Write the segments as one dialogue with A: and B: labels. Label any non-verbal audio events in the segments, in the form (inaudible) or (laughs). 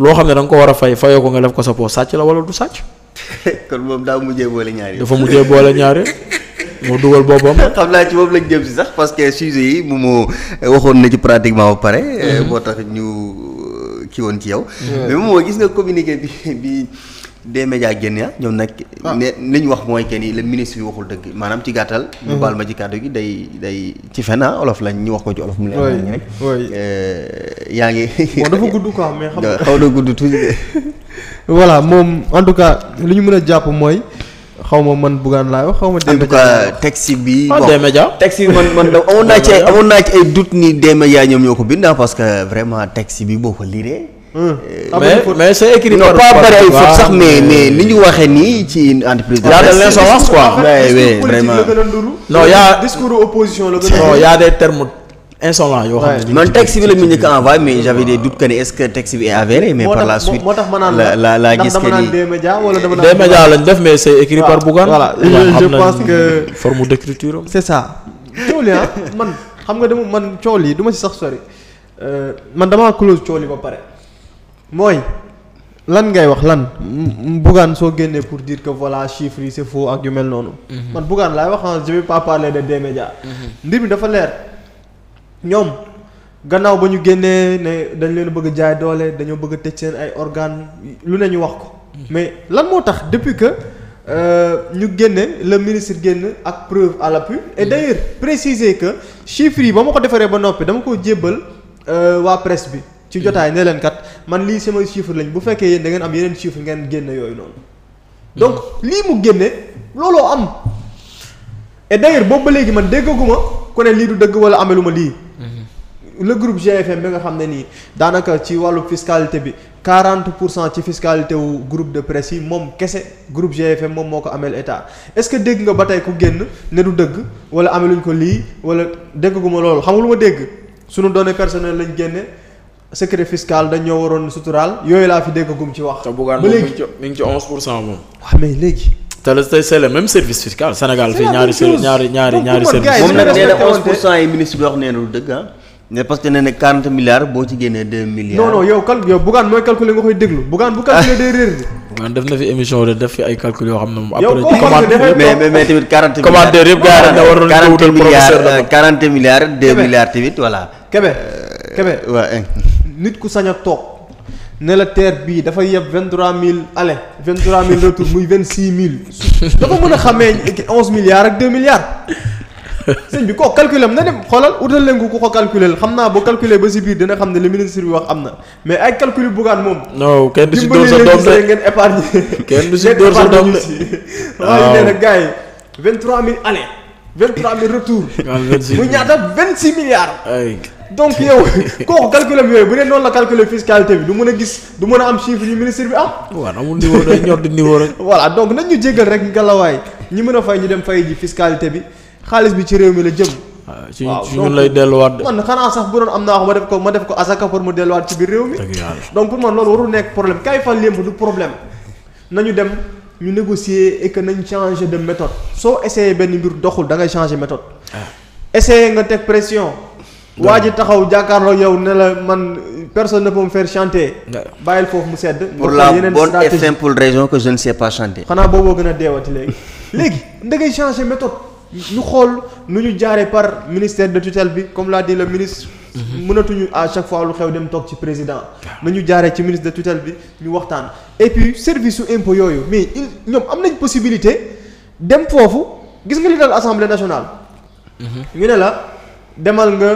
A: loo xam ne da ko war a fay fayoo ko nga def ko sa poos sàcc la wala du sàcc.
B: (laughs) kon moom daa mujjee boole ñaari. dafa mujjee boole
A: ñaari. moo dugal boppam.
B: (laughs) xam naa ci moom lañ jëm si sax parce que sujet yi mu mu waxoon na ci pratiquement ba pare. boo mm-hmm. tax ñu ci euh, woon ci yow. Mm-hmm. mais moom gis nga communiqué bi. des médias génn ya ñoom nag. Ah. ne li ñu wax mooy que ni le ministre bi waxul dëgg maanaam ci gàttal. ñu mhm. baal ma ci kàddu gi day day ci fen ah, olof lañ ñu wax ko ci olof. mu leer rek euh, yaa ngi. (laughs) bon nga xaw (laughs) na gudd tuuti.
C: (laughs) voilà moom en tout cas li ñu mën a jàpp mooy. xaw ma man buggaan laay wax xaw ma. en tout cas
B: texte bi. Ah, bon texte bi man man amoon naa ci amoon naa ci ay doute ni Dmedia ñoom ñoo ko bindaa parce que vraiment texte bi boo ko liiree
A: Euh, mais ah mais c'est écrit non pas bari ay faute sax mais mais ni ñu
B: waxee nii ci entreprise. y a de l'insolence quoi. mais oui vraiment
A: non y a discours opposition la gën a non y a des termes insolents yoo xam
B: ne. man texte bi la ñu njëkk a envoyé mais j'avais des doutes que ne est-ce bi est
C: mais par la suite. tax ma naan la la la gis que ni des médias wala dama naan des médias def mais c'est écrit par Bougane. voilà euh, je pense que forme d'écriture c'est ah, man xam nga dama man cool li du ma si sax sori euh, man damaa close coow li ba pare. mooy lan ngay wax lan Bougane soo génnee pour dire ko voilà chiffres yi c'est faux ak yu mel noonu. Mhm. man Bougane laay wax ah je vais pas de des médias. Mhm. mbir mi dafa leer ñoom gannaaw ba ñu génnee ne dañ leen bëgg jaay doole dañoo bëgg a tëj seen ay organe lu ne ñu wax ko. Mhm. mais lan moo tax depuis que euh, ñu génne la ministre génn ak preuve à l'appui et d'ailleurs préciser ko chiffres yi ba ma ko defaree ba noppi dama ko jébbal euh, waa presse bi. ci jotaay ne leen kat man lii samay chiffre lañ bu fekkee yéen da ngeen am yeneen chiffre ngeen génne yooyu noonu donc lii mu génne looloo am et d'ailleurs boobu ba léegi man déggaguma ko ne lii du dëgg wala ameluma lii mhm. le groupe GFM bi nga xam ne daanaka ci wàllu fiscalité bi 40 pour cent ci fiscalité wu groupe de presse yi moom groupe GFM moom moo ko ameel état est-ce que dégg nga ba tey ku génn ne du dëgg wala ameluñ ko lii wala dégg ma loolu xam nga lu ma dégg sunu données personnelles lañ génne secret fiscal dañ ñoo waroon suturaal yooyu laa fi déggagum ci ci
A: la c'est le même service fiscal Sénégal fii ñaari ñaari ñaari ñaari service moom nag nee na
B: wax nee ne ah. parce que nee na quarante milliards boo (laughs)
C: yoo xam ne moom.
A: après commande tamit quarante milliards quarante milliards quarante milliards
B: deux milliards tamit voilà.
C: Euh, nit ku sañ a toog ne la terre bii dafa yeb vingt trois mille aller vingt trois mille retour muy vingt six mille a xamee onze milliards ak deux milliards sëñ bi koo calculé na dem xoolal utal leen ko ku ko xam naa boo calculé ba si biir dina xam ne li ministre bi wax am na mais ay calcul moom.
A: non kenn du si dóor si dóor sa doom
C: mille aller vingt trois mille retour. mu ñaata vingt six milliards. donc (laughs) yow kooku calculam yooyu bu dee noonu la calculer fiscalité bi du mën a gis du mën a am chiffre yu ministre bi am. Ah.
A: waaw amul niveau day ñor di niveau rek.
C: (laughs) voilà donc nañ ñu jéggal rek ngelawaay ñi mën a fay ñu dem fay ji fiscalité bi xaalis bi ci réew mi la jëm.
A: Ah, ci ñun lay delluwaat
C: man xanaa sax bu doon am naa wax ma def ko ma def ko asaka pour mu delluwaat ci biir réew mi. donc pour man loolu warul nekk problème kay fa lémb du problème nañu dem ñu négocier et que nañ changer de méthode soo essayé benn mbir doxul da ngay changer méthode. Ah. essayé nga teg pression. waa ji taxaw jàkkaarloo yow ne la man personne ne peut me faire chanter. bàyyil foofu mu sedd. pour la bonne et simple
B: raison que je ne sais pas chanter.
C: xanaa booboo gën a deewati léegi (laughs) léegi da ngay changer méthode ñu xool nu ñu jaaree par ministère de tutelle bi comme l'a dit le ministre. Mhm. mënatuñu à chaque fois lu xew dem toog ci président. na ñu jaaree ci ministre de tutelle bi ñu waxtaan. et puis service su impôt yooyu mais ñoom am nañ possibilité dem foofu gis nga li dal assemblée nationale. Mhm. ñu ne la demal nga.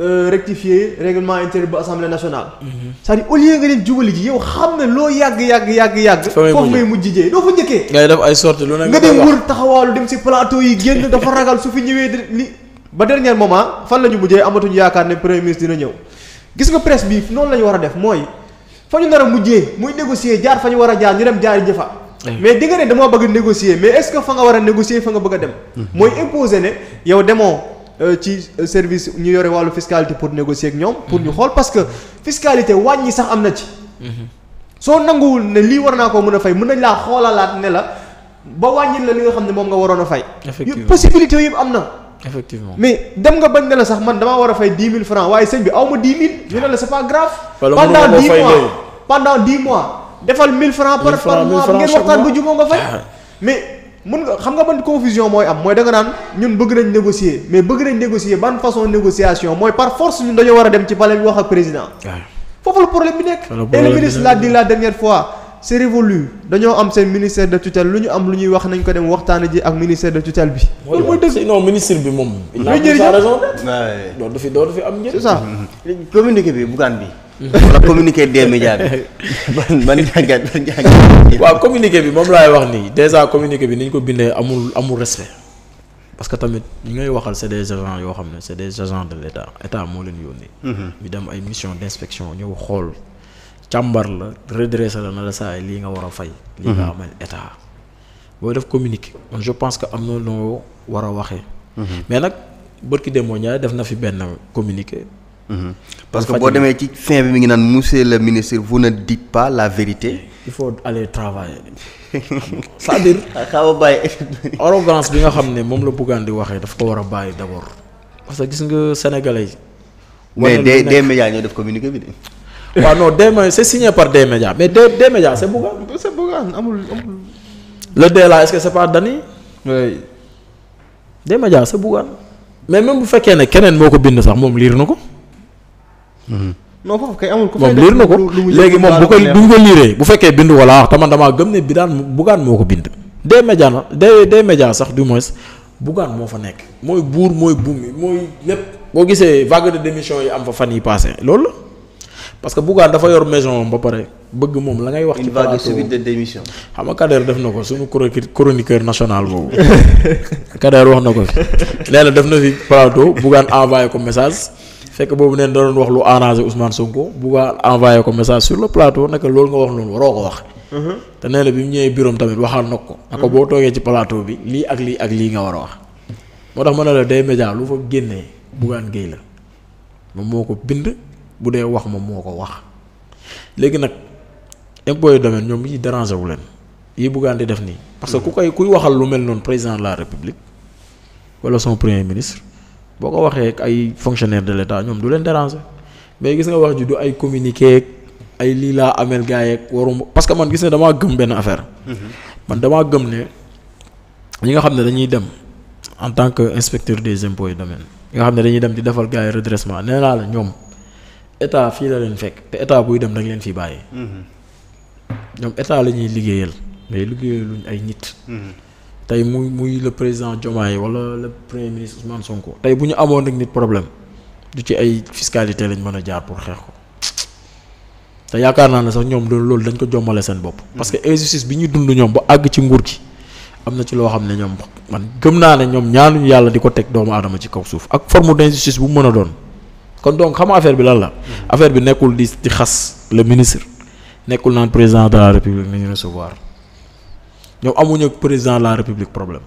C: Euh, rectifier règlement intérieur bu assemblée nationale. Mhm. c'est-à-dire au lieu nga dem jubali ji yow xam ne loo yàgg yàgg yàgg yàgg. foofu ngay mujj jee doo fa njëkkee.
A: ngay nga dem wër
C: taxawaalu dem si plateau yi génn (laughs) dafa ragal su fi ñëwee li ba dernier moment fan la ñu mujjee amatuñu yaakaar ne premier ministre dina ñëw gis nga presse bi noonu la ñu war a def mooy fa ñu nar a mujjee muy négocier jaar fa ñu war a jaar ñu dem jaari jëfa. mais di nga ne damaa bëgg négocier mais est que fa nga war a négocier fa nga bëgg a dem. Mhm. mooy imposer ne yow demoo Euh, ci euh, service ñu yore wàllu fiscalité pour négocier ak ñoom. pour ñu mhm. xool parce fiscalité wàññi sax am na ci. Mhm. soo nanguwul ne lii war naa ko mën a fay mën nañ laa xoolalaat ne la ba wàññil la li nga xam ne moom nga waroon a fay. effectivement possibilité yëpp am na. mais dem nga bañ ne la sax man damaa war a fay dix mille francs waaye sëñ bi aw ma dix mille. ñu ne la c'est pas grave. dix mois pendant dix mois defal mille francs par par mois nga fay ah. mais. mun nga xam nga ban confusion mooy am mooy da nga naan ñun bëgg nañ négocier mais bëgg nañ négocier ban façon négociation mooy par force ñun dañoo war a dem ci palais bi wax ak président. foofu la problème bi
A: nekk. et ministre l'a
C: dit dernière fois. c'est révolu dañoo am seen ministère de tutelle lu ñu am lu ñuy wax nañ ko dem waxtaana ji ak ministère de tutelle bi. loolu mooy dëgg non ministre bi moom. il a raison.
A: doo du fi doo du am njëriñ. (laughs) bi. wala communiqué des médias bi (laughs) ban ban jàngat ban jàngat waaw communiqué bi moom laay wax nii déjà communiqué bi ni ñu ko bindee amul amul respect parce que tamit ñu ngay waxal c'est des agents yoo xam ne c'est des agents de l'état état moo leen yónnee. Mhm. ñu dem ay mission d'inspection ñëw xool càmbar la redressé la na la saa lii nga war a fay. lii nga mhm. amal état. booy def communiqué je pense que am na noo war a waxee. Mhm. mais nag bërki demoo ñaay def na fi benn communiqué.
B: parce que boo demee ci fin bi mi ngi naan monsieur le ministre vous ne dites pas la vérité.
A: il faut aller travailler c'est-à-dire. (laughs) Ah, xaw a bàyyi arrogance bi nga xam ne moom la Bougane di waxee daf ko war a bàyyi d'abord parce que gis nga sénégalais yi. mais des des médias def communiqué bi de. (laughs) waaw non des médias c'est signé par des médias mais des des médias c'est Bougane
C: c'est Bougane amul amul.
A: le dé est-ce que c'est pas Dany. oui. des médias c'est mais même bu fekkee ne keneen moo ko bind sax moom liir na ko.
C: Mm-hmm. non foofu kay amul ku fay def moom liir na ko léegi moom bu ko bu ñu ko
A: liiree bu fekkee bind wala wax taman damaa gëm ne bi daan bugaan moo ko bind. des médias na des des médias sax du moins bugaan moo fa nekk mooy buur mooy buum mooy lépp boo gisee vague de démission yi am fa fan yi passé loolu la parce que bugaan dafa yor maison ba pare bëgg moom la ngay wax. ci vague subite de nga Kader def na ko suñu chroniqueur national boobu (laughs) Kader wax na ko (laughs) nee na def na fi plateau bugaan envoyé ko message. fekk boobu neen da wax lu arrangé Ousmane Sonko bugga envoyé ko message sur le plateau naka loolu nga wax noonu waroo ko wax. Mhm. te nee bi mu ñëwee bureau tamit waxaal na ko. na ko mhm. boo toogee ci plateau bi lii ak lii ak lii nga war a wax. moo tax ma ne la day média lu fa génnee Bougane Gueye la moom moo ko bind bu dee wax ma moo ko wax léegi nag impôt domaine ñoom yi déranger wu leen yi Bougane di def nii. parce que ku mhm. koy kuy waxal lu mel noonu président la république wala son premier ministre. boo ko waxee ay fonctionnaire de l'État ñoom du leen déranger mais gis nga wax ji du ay communiqué ay lii laa amel gars yeeg warum parce que man gis ne damaa gëm benn affaire. Mm-hmm. man dama gëm ne li nga xam ne dañuy dem en tant que inspecteur des impôts et domaines ñi nga xam ne dañuy dem di defal gars yi redressement nee naa la ñoom état fii la leen fekk te état buy dem da leen fi bàyyi. Mm-hmm. ñoom état la liggéeyal mais liggéeyaluñ ay nit. Mm-hmm. tey muy muy le président Diomaye wala le premier ministre Ousmane Sonko tey bu ñu amoon nag nit problème du ci ay fiscalité lañ mën a jaar pour xeex ko te yaakaar naa ne sax ñoom loolu dañ ko jommale seen bopp. parce que injustice bi ñu dund ñoom ba àgg ci nguur gi am na ci loo xam ne ñoom man gëm naa ne ñoom ñu yàlla di ko teg doomu aadama ci kaw suuf ak forme d'injustice bu mu mën a doon. kon donc xam affaire bi lan la. Mm-hmm. affaire bi nekkul di di xas le ministre nekkul naan président de la république nañu recevoir. ñoom amuñu ak président la république problème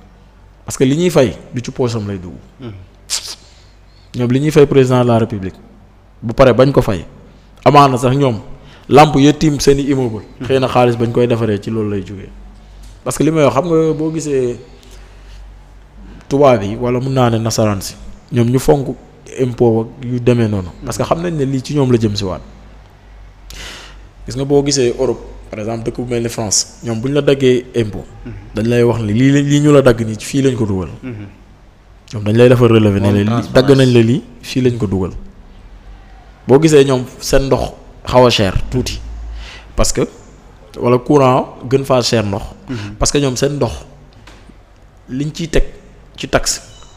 A: parce que li ñuy fay du ci poosam lay dugg. Hmm. ñoom li ñuy fay président la république bu pare bañ ko fay amaana sax ñoom làmp ya tiim seen i immeuble. Hmm. xëy na xaalis bañ koy defaree ci loolu lay jógee. parce que li may xam nga boo gisee tubaab yi wala mun naa ne nasaraan si ñoom ñu fonk impo ak yu demee noonu. parce que xam nañ ne lii ci ñoom la jëm si waat gis nga boo gisee Europe. par exemple dëkk bu mel ni France ñoom bu ñu la daggee impôt. dañ lay wax ne lii lii ñu la dagg nii fii lañ ko dugal. ñoom dañ lay defar relevé ne la dagg nañ la lii fii lañ ko dugal. boo gisee ñoom seen ndox xaw a cher tuuti parce que walla courant gën faa cher ndox. Mhm. parce que ñoom seen ndox liñ ciy teg ci taxe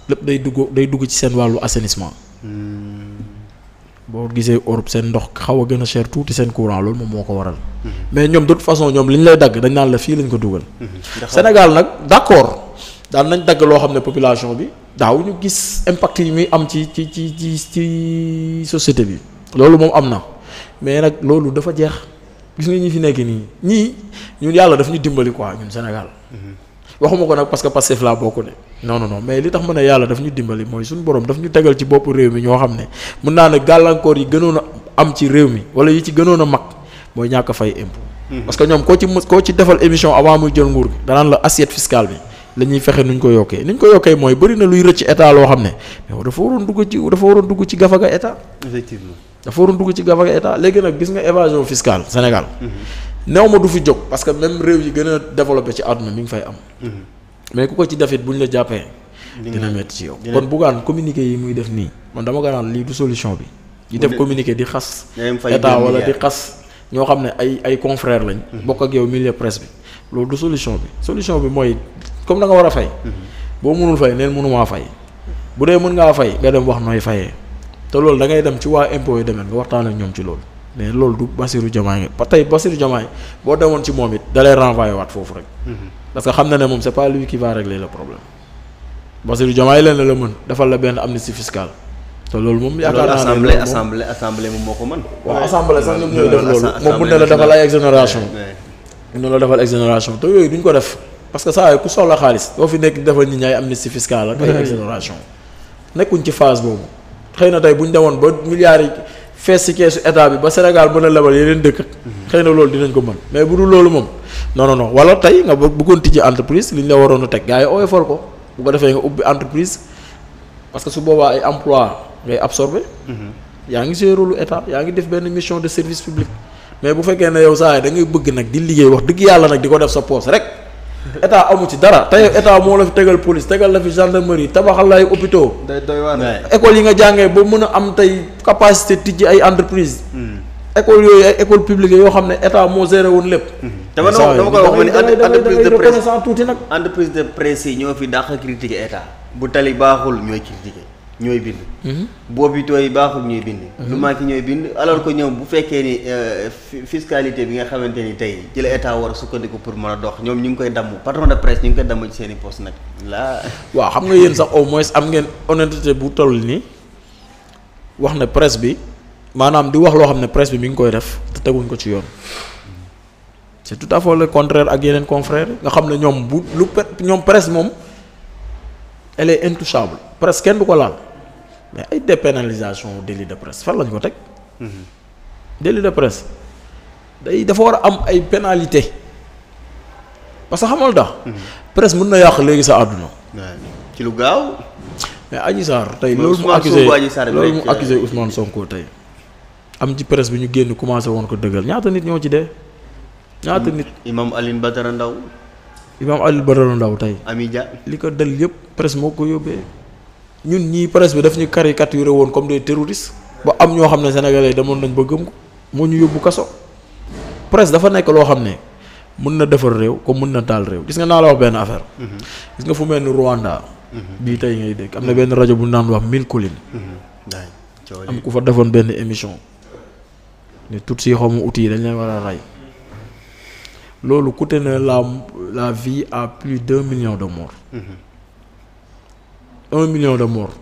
A: lépp day dugg day dugg ci seen wàllu assainissement. Hmm. boo gisee Europe seen ndox xaw a gën a cher tuuti seen courant loolu moom moo ko waral. Mhm. mais ñoom de toute façon ñoom li ñu lay dagg dañ naan la fii lañ ko dugal. Mhm. Sénégal nag d'accord daan nañ dagg loo xam ne population bi daaw ñu gis impact yi muy am ci ci ci ci ci société bi. loolu moom am na mais nag loolu dafa jeex gis nga ñi fi nekk nii ñii ñun yàlla dafa ñu dimbali quoi ñun Sénégal. Mhm. waxuma ko nag parce que Pastef laa bokk de non non non mais li tax ma ne yàlla daf ñu dimbali mooy suñu borom daf ñu tegal ci bopp réew mi ñoo xam ne mun naa ne gàllankoor yi gënoon am ci réew mi wala yi ci gënoon a mag mooy ñàkk fay impôt. Mhm. parce que ñoom koo ci mu koo ci defal émission avant muy jël nguur gi danaan la assiette fiscale bi. la ñuy fexe nuñ ko yokkee niñ ko yokkee mooy bëri na luy rëcc état loo xam ne mais dafa waroon dugg ci dafa waroon dugg ci gafaga état. effectivement dafa waroon dugg ci gafaga état léegi nag gis nga évasion fiscale Sénégal. Mhm. néew ma du fi jóg parce que même réew yi gën a développé ci àdduna mi ngi fay am. Mhm. mais ku ko ci def it ñu la jàppee. dina métti ci yow kon Bougane communiqué yi muy def nii man dama ko naan lii du solution bi. di def communiqué di xas. état wala di xas ñoo xam ne ay ay confrères lañ. Mhm. bokk ak yow milieu presse bi loolu du solution bi solution bi mooy comme da nga war a fay. Mhm. boo mënul fay neen mënumaa fay bu dee mën ngaa fay nga dem wax nooy fayee te loolu da ngay dem ci waa impôt demee nga ñoom ci loolu. mais loolu du Bassirou Diomaye ba tey Bassirou Diomaye boo demoon ci moom it da lay renvoyer waat foofu rek. Mhm. parce que xam na ne moom c'est pas lui qui va régler le problème Bassirou Diomaye leen la la mën defal la benn amnistie fiscale. te loolu moom yaakaar ne bu
B: ne la defal ay exonération
A: noonu la defal exonération te yooyu duñ ko def parce que saa ku soxla xaalis boo fi nekk defal ñi ay amnistie fiscale ak ay exonération nekkuñ ci phase boobu xëy na tey buñ demoon ba milliards yi fees ci keesu état bi ba Sénégal mën a lebal yeneen dëkk xëy na loolu dinañ ko mën mais bu dul loolu moom non non non wala tey nga bëggoon tijji entreprise li ñu la waroon a teg gars yi oyofal ko bu defee nga ubbi entreprise parce que su boobaa ay emploi ngay absorber mm-hmm. yaa ngi jouer rôle état yaa ngi def benn mission de service public mais bu fekkee ne yow saa yi da bëgg nag di liggéey wax dëgg yàlla nag di ko def sa poche rek (laughs) état amu ci dara tey état moo la fi tegal police tegal la fi gendarmerie tabaxal la ay hôpitaux.
B: day école
A: yi nga jàngee ba mën a am tey capacité tijji ay entreprise ecole hmm. yooyu ay école publique yoo xam ne état moo géré woon lépp. Hmm. dama dama koy wax ma ni entreprise de
B: presse nag. entreprise de presse yi ñoo fi dàq critiquer état bu tali baaxul ñooy critiquer. ñooy bind. Mhm. boobu tooy baaxul ñooy bind. Mhm. lu manqué ñooy bind alors que ñoom bu fekkee ni euh, fiscalité bi nga xamante ni tey ci la état war a sukkandiku pour mën a dox ñoom ñu ngi koy damm patron de presse ñu ngi koy damm ci seen i (laughs)
A: waaw xam nga yéen sax au moins am ngeen honnêteté bu toll nii wax ne presse bi maanaam di wax loo xam ne presse bi mi koy def te teguñ ko ci yoon. c'est tout à fait le contraire ak yeneen confrères nga xam ne ñoom bu lu ñoom presse moom elle est intouchable presse kenn du ko laal. mais ay dépénalisation délit de presse fan lañ ko teg. délit de presse day dafa war a am ay pénalité parce que xamal tax mhm. presse mën na yàq léegi sa àdduna. ci lu gaaw. mais Adji Sarr tey loolu mu accusé loolu mu accusé Ousmane Sonko tey am ci presse bi ñu génn commencé woon ko dëggal ñaata nit ñoo ci de ñaata nit imam Alioune Badara Ndao imam Alioune Badara ndaw tey. Amidia li ko dal yëpp presse moo ko yóbbee. ñun ñii presse bi daf ñu caricaturé woon comme des terroristes ba am ñoo xam ne sénégalais demoon nañ ba gëm ko moo ñu yóbbu kaso presse dafa nekk loo xam ne mën na defar réew comme mën na taal réew gis nga naa la wax benn affaire. Mhm. gis nga fu mel ni Rwanda. Mhm. bii tey ngay dégg am na benn rajo bu ñu daan wax mille collines. Mhm. am ku fa defoon benn émission. ne tutsi xaw mu outil yi dañ leen war a rey. loolu coûté na la la vie à plus d'un million de morts. Mm un million de morts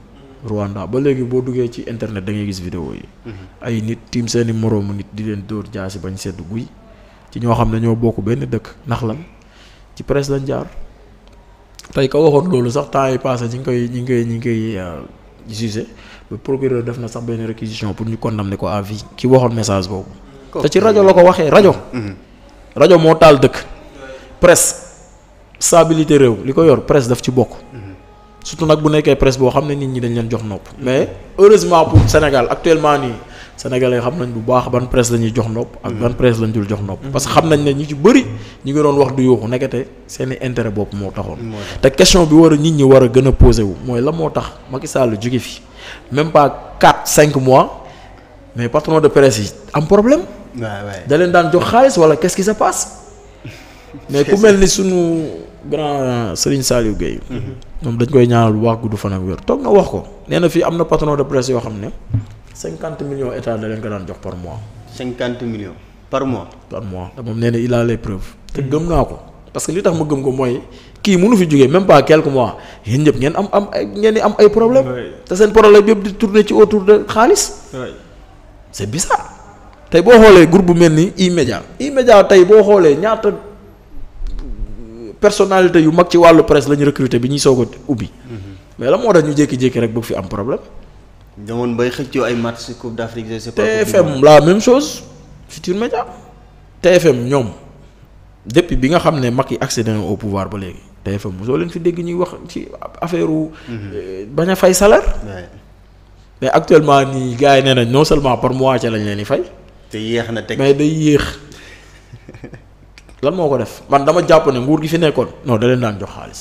A: Rwanda ba léegi boo duggee ci internet dangay gis vidéo yi mm-hmm. ay nit tiim seeni moroomu nit di leen dóor jaasi bañ sedd guy ci ñoo xam ne ñoo bokk benn dëkk ndax lan ci presse lañ jaar tey ka waxoon loolu sax temps yi passé ñi ngi koy ñi ngi koy ñi ngi koy euh, jugé ba procureur def na sax benn réquisition pour ñu condamner ko à vie ki waxoon message boobu te ci rajo la ko waxee rajo mm-hmm. rajo moo taal dëkk presse stabilité réew li ko yor presse daf ci bokk mm-hmm. surtout nag bu nekkee presse boo xam ne nit ñi dañ leen jox nopp mais heureusement pour Sénégal actuellement nii sénégalais xam nañ bu baax ban presse la ñuy jox nopp ak ban presse lañ dul jox nopp mm-hmm. parce que xam nañ ne ñu ci bëri ñu ngi doon wax du yuuxu nekkate seen i intérêt bopp moo taxoon te question bi war a nit ñi war a gën a posé wu mooy la moo tax Macky Sall juge fi même pas 4 5 mois mais patron de presse yi am problème da leen daan jox xaalis wala qu'est-ce qui se passe (laughs) mais ku mel ni sunu grand Serigne Saliou mm-hmm. moom dañ koy ñaanal bu baax gudd fan ak wér na wax ko nee na fii am na patron de presse yoo xam ne cinquante millions état da leen daan jox par mois. cinquante millions par mois. par mois te moom nee na il te gëm naa ko parce que li tax ma gëm ko mooy kii mënu fi jógee même pas quelques mois yéen ñëpp ngeen am am ay ngeen di am ay problème te seen problème yëpp di tourner ci autour de xaalis. c'est bizarre. tey boo xoolee groupe bu mel ni E-Media. e tey boo xoolee ñaata. personnalité yu mag ci wàllu presse la ñu recruter bi ñuy soog a ubbi. Mhm. mais la moo tax ñu jékki-jékki rek bëgg fi am problème. demoon
B: bay xëccoo ay match ci Coupe d'Afrique je sais pas. TFM la
A: même chose Futurs Médias TFM ñoom depuis bi nga xam ne mag yi na au pouvoir ba léegi TFM mosoo leen fi dégg ñuy wax ci affaire mhm.
B: euh, bañ a fay salaire.
A: mais actuellement nii gars yi nee nañ non seulement pour mois ca lañ leen di fay. te yéex na teg mais day yéex. lan moo ko def man dama jàpp ne nguur gi fi nekkoon non da leen daan jox xaalis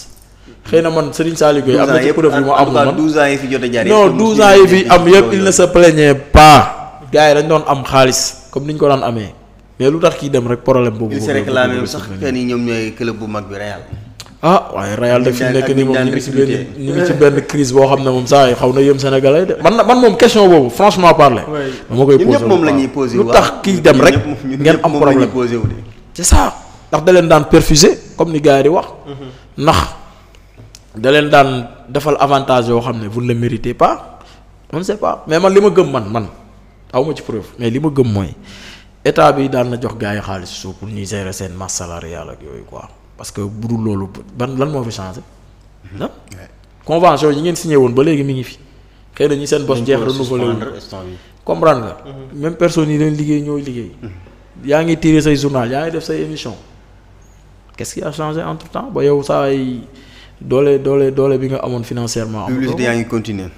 A: xëy na man Serigne Saliou Gueye am na ci preuve yëpp il ne se plaignait pas gars yi dañ doon am xaalis comme ni ñu ko daan amee mais lu tax kii dem rek problème boobu. il se réclame sax
B: que ni ñoom ñooy bu mag bi Real.
A: Ah, nekk nii moom boo xam ne moom saa yi xaw na yëm sénégalais de man man moom question boobu franchement parler. dama koy posé wu waaw ñun ñëpp moom la ñuy wu. lu tax ngeen am problème c'est ndax da leen daan perfuser comme ni gars yi di wax. ndax da leen daan defal avantage yoo xam ne vous ne le méritez pas on ne sait mais man li ma gëm man man aw ma ci preuve mais li ma gëm mooy état bi daan na jox gars yi xaalis suuf pour ñuy gérer seen masse salariale ak yooyu quoi parce que bu dul loolu ban lan moo fi changé. ah convention yi ngeen signé woon ba léegi mi ngi fi. xëy na ñi seen bos jeex renouvelé wu comprendre nga. Mhm. même personne yi dañ liggéey ñooy liggéey. Mhm. yaa ngi tirer say journal yaa ngi def say émission qu'est-ce qui a changé entre temps ba yow saa yi doole doole doole bi nga amoon financièrement. yaa ngi continuer.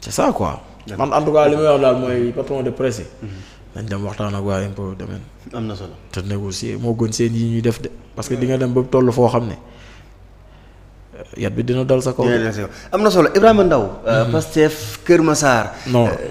A: c'est ça quoi. man en tout cas li mooy patron de presse yi. Mhm. nañ waxtaan ak waa impôt domaine. am na solo te négocier moo gën seen yi ñuy def de. parce que di nga dem ba toll foo xam ne yat bi dina dal sa kaw.
B: am na solo Ibrahima Ndao. Euh, mhm. Pastef Kër Massar. non. Euh,